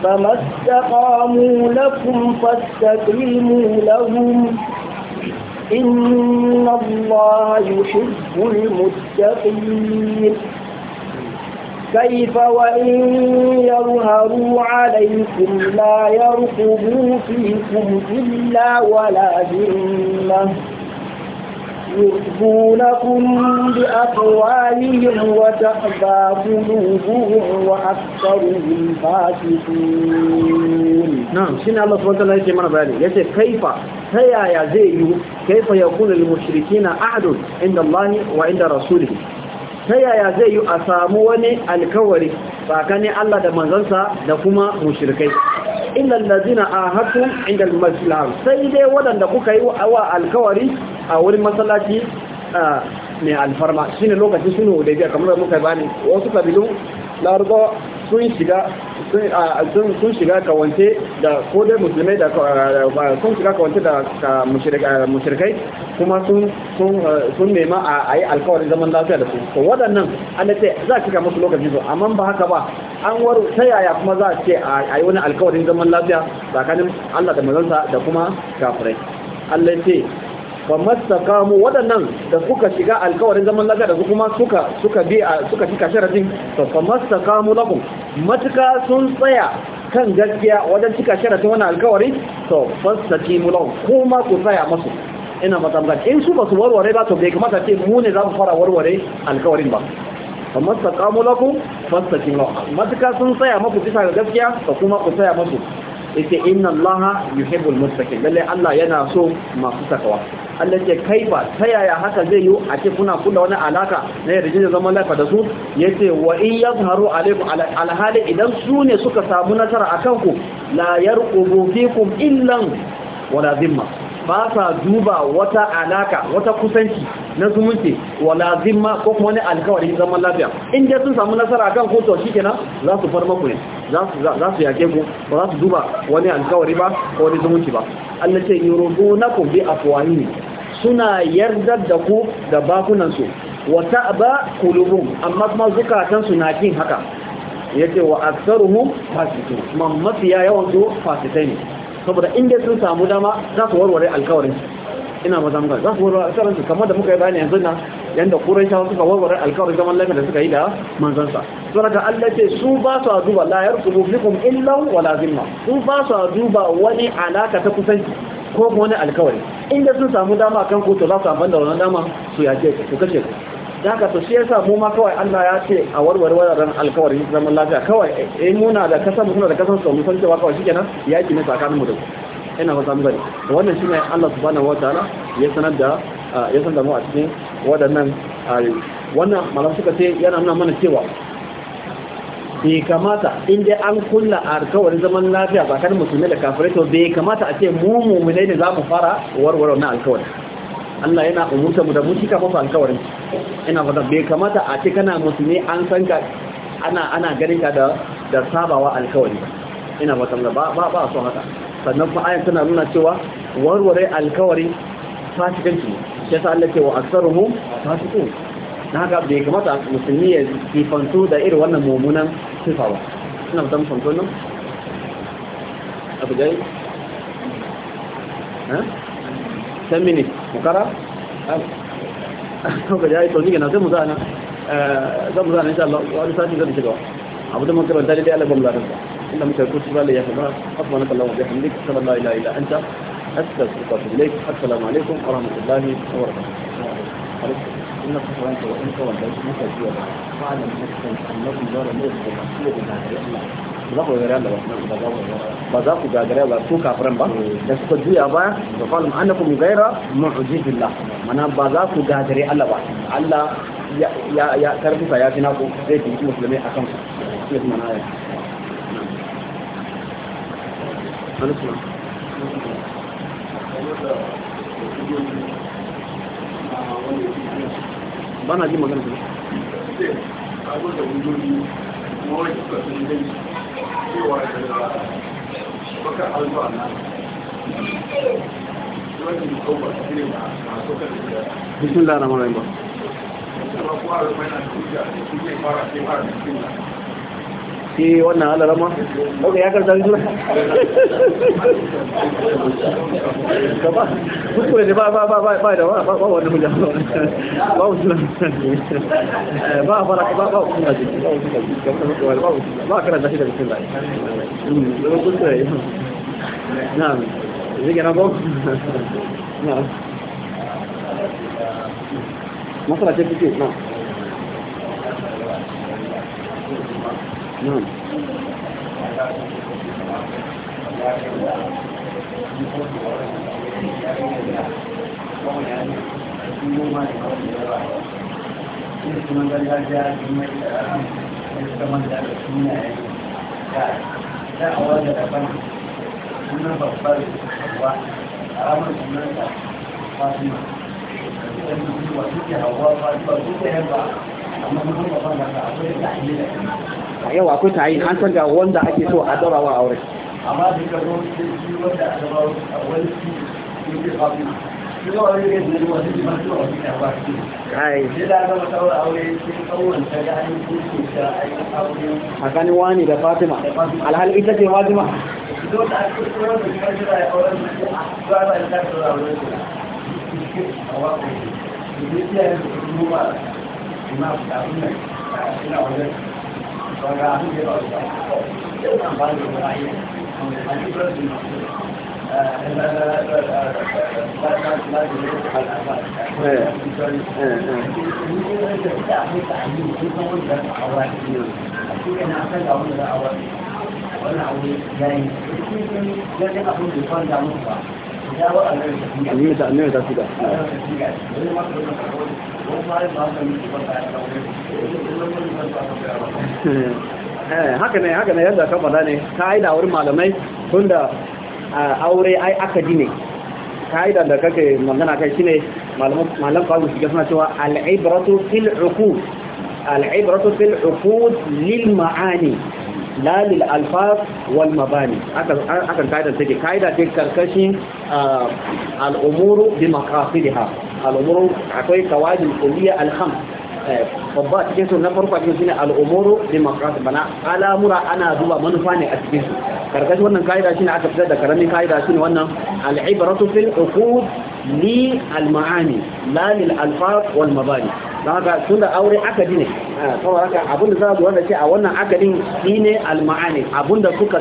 فما استقاموا لكم فاستقيموا لهم إن الله يحب المتقين كيف وإن يظهروا عليكم لا يرقبوا فيكم إلا ولا ذمة يرضونكم بأقوالهم وتأبى قلوبهم وأكثرهم فاسقون نعم شنو الله سبحانه وتعالى يجي من بالي يجي كيف هيا يا زيو كيف يكون للمشركين أحد عند الله وعند رسوله ta yaya zai yi a samu wani alkawari tsakanin Allah da manzansa da kuma mushrikai illal ladina ahadtum inda al-masjid sai dai waɗanda kuka yi wa alkawari a wurin masallaci mai alfarma shine lokacin sunu biya kamar da muka bani wasu kabilun larubawa sun shiga sun shiga kawance da ko dai musulmai da sun shiga kawance da mushrikai kuma sun nema a yi alkawarin zaman lafiya da su to waɗannan an ce za a cika musu lokaci su amma ba haka ba an waru ta yaya kuma za a ce a yi wani alkawarin zaman lafiya tsakanin Allah da manzansa da kuma kafirai Allah ce fa masakamu waɗannan da suka shiga alkawarin zaman lafiya da kuma suka suka bi suka cika sharadin to fa masakamu lakum matuka sun tsaya kan gaskiya wajen cika sharadin wannan alƙawari to fastaqimu lakum kuma ku tsaya musu ina matamgan in su ba su warware ba to bai kamata ce mu ne za mu fara warware alkawarin ba fa mastaqamu lakum fastaqimu fasta matuka sun tsaya muku bisa ga gaskiya to kuma ku tsaya musu yace inna allaha yuhibbul muttaqin lalle Allah yana so masu takawa Allah ce kaifa ta yaya haka zai yi a ce kuna kula wani alaka na yarjejin zaman lafiya da su yace wa in yazharu alaikum alhali idan su ne suka samu nasara akan ku la yarqubu fikum illan wala zimma ba sa duba wata alaka wata kusanci na zumunci wala zimma ko kuma wani alkawari zaman lafiya in dai sun samu nasara akan ku to shikenan za su farma maku ne za su yake mu ba za su duba wani alkawari ba ko wani zumunci ba Allah ce na ku bi afwani suna yarda da ku da bakunan su wa ta'ba kulubun amma kuma zukatan su na kin haka yace wa aktsaruhum fasiqun man mafiya yawan su fasitai ne saboda inda sun samu dama za su warware alkawarin ina mazan za su warware alkawarin kamar da muka yi bayani yanzu na yanda quraishawa suka warware alƙawarin zaman lafiya da suka yi da manzansa sa saboda Allah ce su ba su duba la yarqubu fikum illa wala zimma su ba su duba wani alaka ta kusanci ko wani alƙawari inda sun samu dama kan ku to za su amfani da wani dama su yace ku kashe ku haka to shi yasa mu ma kawai Allah ya ce a warware wannan alƙawarin zaman lafiya kawai eh muna da kasan muna da kasan su mun san cewa kawai shikenan yaki ne tsakanin mu da ina ba zan bari wannan shine Allah subhanahu wataala ya sanar da ya san da mu a cikin waɗannan ayoyi wannan malam suka ce yana nuna mana cewa bai kamata in dai an kulla kawai zaman lafiya tsakanin musulmi da kafirai to bai kamata a ce mu mummunai ne za mu fara warware wannan alkawari Allah yana umurta mu da mu shika masa alkawarin ina fata bai kamata a ce kana musulmi an san ka ana ana ganin ka da da sabawa alkawari ina fata ba ba ba so haka sannan fa ayan nuna cewa warware alkawari fasikanci ne shi sa Allah ce wa aksaruhum fasiqun na haka bai kamata musulmi ya sifantu da irin wannan mummunan sifa ba suna mutum fanto nan abu gai ha san mini mukara ko ga yi to ni na sai mu zana eh zan mu zana insha Allah wani sati zan shiga abu da mun karanta dai Allah ba mu zana ba inda muka kuci ba la ya fa subhanakallahumma wa bihamdika sallallahu la ilaha illa anta حتى سلطات إليك السلام عليكم ورحمة الله وبركاته أنكم غير معجيز الله منا بالأسفل بالأسفل ba na ji magana da bismillah rahman ba shi wannan alarama ok ya karsa juna gaba kuskure ne ba ba ba ba ba da ba ba wani hujja ba ba na ba ba fara ba ba wuce ba jiki ba wuce ba jiki ba a ba shi ba bikin ba zama ba na ba na ba na ba ce ba na sunan babbar hawa a ramar sunanta fatima da suke hawa fatima su ta yaba yawa akwai tayin an san ga wanda ake so a daurawa aure amma da ka zo shi wanda a daura wani shi ke fafi shi ga wani ne da wani shi ma shi wani ne ba shi ai shi da ga mata aure shi kawon ta ga an yi shi ta ai aure tsakanin wani da Fatima alhal ita ce Fatima zo da ake so wanda shi da aure shi ba ba ta aure shi a wa ko shi ne ya yi ruwa ولا عوي جاي لكن أقول لكم جاي مصر annabi da annabi da su da haka ne haka ne yadda ka faɗa ne ka'ida wurin malamai tunda aure ai akadi ne ka'ida da kake magana kai shine malam kawo shiga suna cewa al'ibratu fil uqud al'ibratu fil uqud lil ma'ani la lil alfaz wal mabani akan kaida take kaida take karkashin al umuru bi maqasidiha al umuru akwai kawajin kulliya al khams Eh, babba cikin su na farko cikin su ne al'umuru bi maqasid bana al'amura ana zuba manufa ne a cikin su karkashin wannan kaida shine aka fitar da karamin kaida shine wannan al'ibratu fil uqud li al-ma'ani la lil alfaz wal mabani don haka tun da aure aka dine kawai eh, haka abinda za a zuwa da ce a wannan akadin shi ne al-ma'ani abinda suka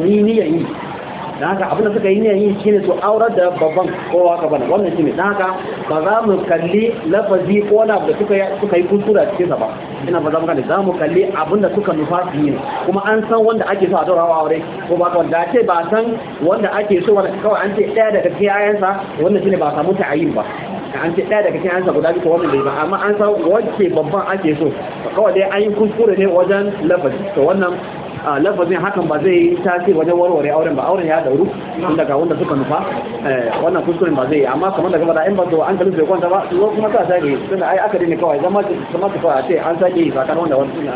niyyar yi da haka abin da suka yi ne yin ne su aurar da babban kowa ka bana wannan ne da haka ba za mu kalli lafazi ko na da suka yi suka yi cikin sa ba ina ba za mu kalli za mu kalli abin da suka nufa su yi kuma an san wanda ake so a wa aure ko ba ka wanda ce ba san wanda ake so wanda kawai an ce ɗaya daga cikin ayansa wannan ne ba samu ta'ayin ba an ce ɗaya daga cikin ayansa guda biyu wannan bai ba amma an san wacce babban ake so kawai dai an yi kusura ne wajen lafazi to wannan lafazin hakan ba zai yi tasiri wajen warware auren ba auren ya dauru inda ga wanda suka nufa eh, wannan kuskuren ba zai yi amma kamar daga bada in ba zuwa an kalu zai kwanta ba su zo kuma ta sake tunda ai aka ne kawai zama zama su fara ce an sake yi sakar wanda wani suna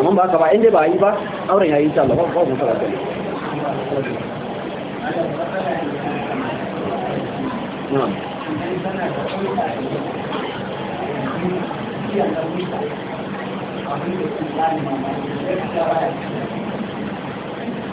amma ba haka ba in ba yi ba auren ya yi insha Allah ba mu sara Thank you.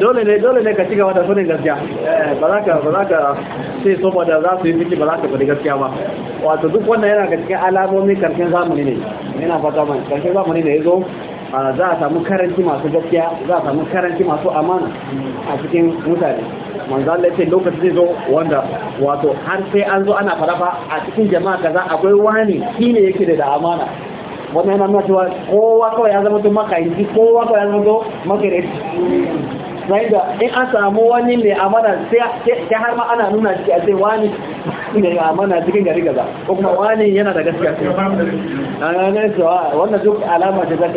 dole ne dole ne ka ci gaba da sunan gaskiya eh, ba za ka ba za ka sai saboda za su yi miki ba za ka bari gaskiya ba wato duk wannan yana ga cikin alamomin karshen zamani ne yana fata mai karshen zamani ne ya zo za a samu karanci masu gaskiya za a samu karanci masu amana a cikin mutane manzo Allah ce lokaci zai zo wanda wato har sai an zo ana farafa a cikin jama'a kaza akwai wani shine yake da amana wannan yana nuna cewa kowa kawai ya zama to makayinci kowa kawai ya zama to makayinci yayin da in an samu wani mai amana sai har ma ana nuna shi a sai wani ne a cikin gari gaza ko kuma wani yana da gaskiya ce an ah, wannan duk alama ce ta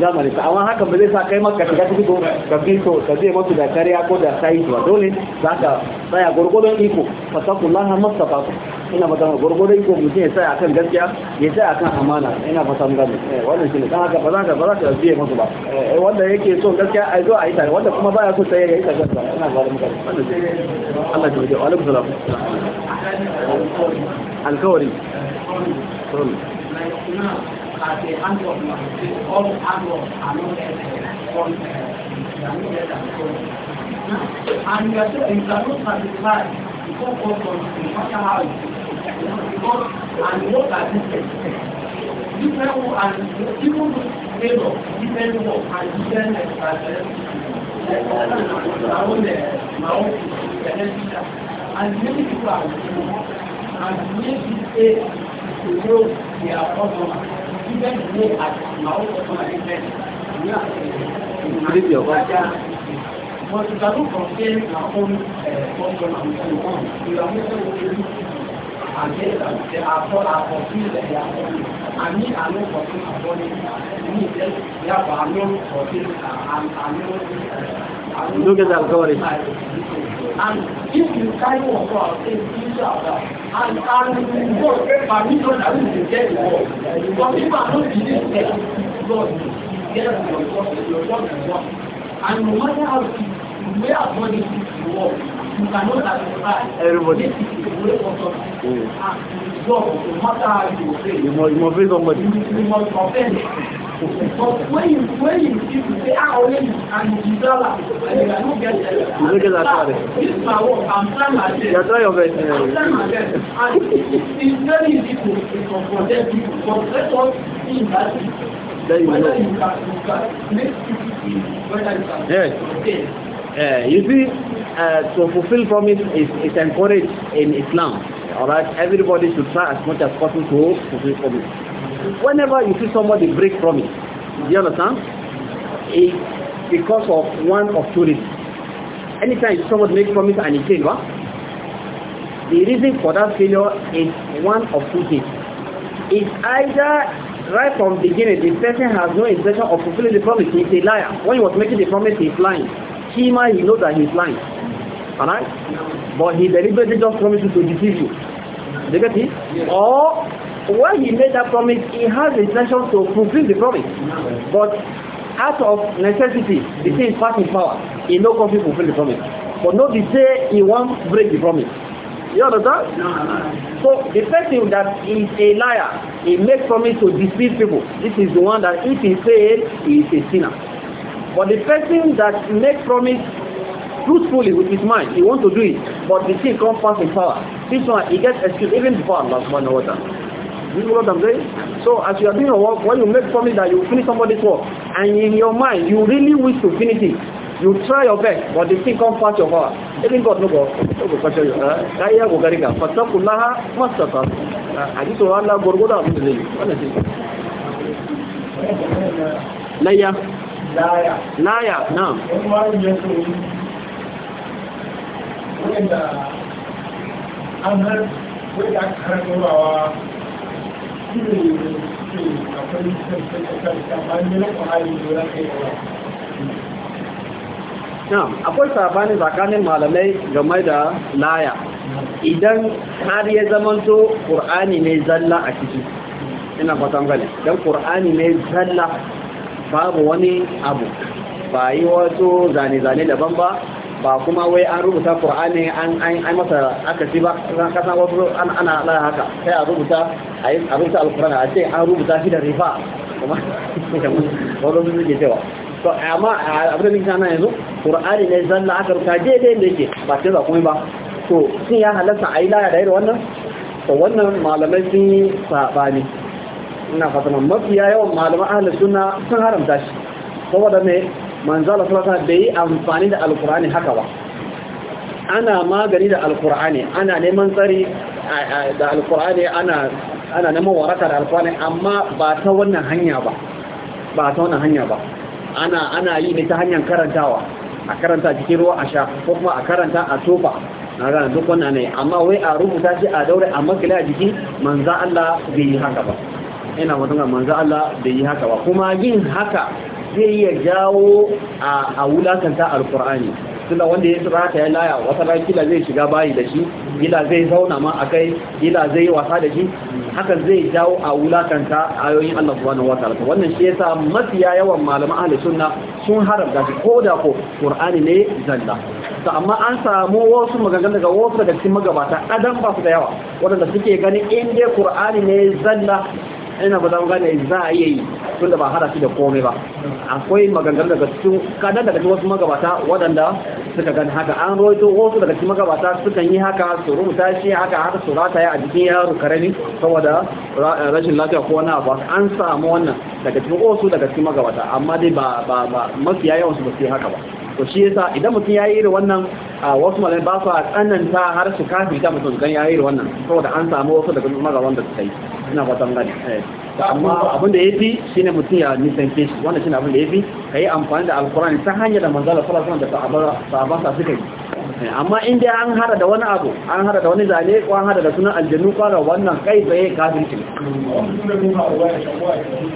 zamani ta amma hakan ba zai sa kai maka shiga cikin ko ka bi to ka je da kariya ko da sai to dole za ka tsaya iko ina iko mutum ya tsaya akan gaskiya ya tsaya akan amana ina eh, wannan dan haka ba za ka ba za ka biye ba eh, wanda yake so gaskiya ai zo a tare wanda kuma so sai ya yi ina Allah ya ji wa alaikum salam alkawari sorry And you are still, you cannot satisfy the focus on the matter how it is. Because, and what are these different work and even labour different work and different expertise. Like, I don't know, my own, my own, and many people are doing and maybe say to know their customer even though at my own customer event we are saying that but if I don't compare my own customer with your own you are making a difference and then they are for are for things that they are for me and me I know for things are for me me then therefore I know for things and I know I know. Look at that, sorry. And if you carry one for our faith, you shall die. And and God, by me, God, I will get the But if I don't believe that God is there for your God, your God is one. And no matter how you may have money to work, you cannot satisfy everybody. This is the way of God. Mm. And God, no matter how you pray, you must obey somebody. You must offend. But when you when you give you say ah only and you dollar get it. You get that This my I'm trying my best. I'm trying my best. And it's very easy to to people. But let us see that. Yes. Uh, you see, uh, to fulfill promise is, is encouraged in Islam. All right, everybody should try as much as possible to fulfill promise whenever you see somebody break promise, do you understand? It because of one of two reasons. Anytime someone makes promise and it fails, the reason for that failure is one of two things. It's either right from the beginning, the person has no intention of fulfilling the promise. He's a liar. When he was making the promise, he's lying. He knows that he's lying. Alright? But he deliberately just promises to deceive you. Do you get it? Yes. Or when he made that promise, he has the intention to fulfill the promise. But out of necessity, the thing is passing power. He no coffee fulfill the promise. But no the day he won't break the promise. You understand? So the person that is a liar, he make promise to deceive people. This is the one that if he say he is a sinner. But the person that make promise truthfully with his mind, he want to do it, but the thing comes pass in power. This one, he gets excuse even before Allah subhanahu wa ta'ala you know what I'm saying? So as you are doing your work, when you make promise that you finish somebody's work, and in your mind, you really wish to finish it, you try your best, but the thing comes past your power. Even God no go, no go pressure you. Ah, that year go carry God. Fattakullaha mastata. Hadith of Allah gorgoda abin dalayi. Honestly. Laya. Laya. Laya. Naam. Wanda an har wanda aka karanta wa akwai sabani tsakanin malamai game da laya idan har ya zamanto ƙur'ani ne zalla a ciki ina fatan gane don ƙur'ani ne zalla babu wani abu ba yi wato zane-zane daban ba ba kuma wai an rubuta qur'ani an an ai masa aka ci ba ran kasa wasu an ana la haka sai a rubuta ai a rubuta alqur'ani a ce an rubuta shi da rifa kuma wannan ne ke cewa to amma abin da kana yanzu qur'ani ne zalla aka rubuta daidai ne yake ba sai za kuma ba to shin ya halatta ai la da irin wannan to wannan malamai sun yi sabani ina fata mafiya yawan malaman ahlus sunna sun haramta shi saboda me manzala salata bai yi amfani da alkur'ani haka ba ana magani da alkur'ani ana neman tsari da alkur'ani ana ana neman waraka da alkur'ani amma ba ta wannan hanya ba ba ta wannan hanya ba ana yi ne ta hanyar karantawa a karanta cikin ruwa a sha ko kuma a karanta a tofa na gane duk wannan ne amma wai a rubuta shi a daure a makila a jiki manza Allah bai yi haka ba ina mutum manza Allah bai yi haka ba kuma yin haka zai iya jawo a wulakanta alkur'ani tunda wanda ya ta ya laya wata ran kila zai shiga bayi da shi kila zai zauna ma akai kila zai wasa da shi hakan zai jawo a wulakanta ayoyin Allah subhanahu wataala wannan shi yasa mafiya yawan malaman ahli sunna sun haramta shi ko da ko qur'ani ne zalla to amma an samu wasu maganganu daga wasu daga cikin magabata adam ba su da yawa waɗanda suke ganin in dai qur'ani ne zalla ina ba za mu gane za a yi tunda ba hada shi da komai ba akwai maganganu daga cikin kadan daga cikin wasu magabata waɗanda suka gani haka an roito wasu daga cikin magabata suka yi haka su rubuta shi haka haka su rataya a jikin yaro karami saboda rashin lafiya ko wani abu an samu wannan daga cikin wasu daga cikin magabata amma dai ba ba ba mafiya yawan su ba su yi haka ba to shi yasa idan mutum ya yi wannan wasu malamai ba su tsananta har su kafi ta mutum gan ya yi wannan saboda an samu wasu daga cikin da suka yi ina fatan gani eh. amma abin da ya fi shi ne mutum ya ke shi wanda shi ne abin da ya fi ka yi amfani da alkurani ta hanyar da manzala salasana da sahabansa suka yi amma in an hada da wani abu an hada da wani zane ko an hada da sunan aljanu kwanar wannan kai tsaye kafirci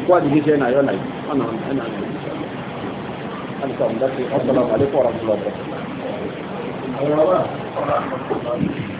kwa jiki yi wannan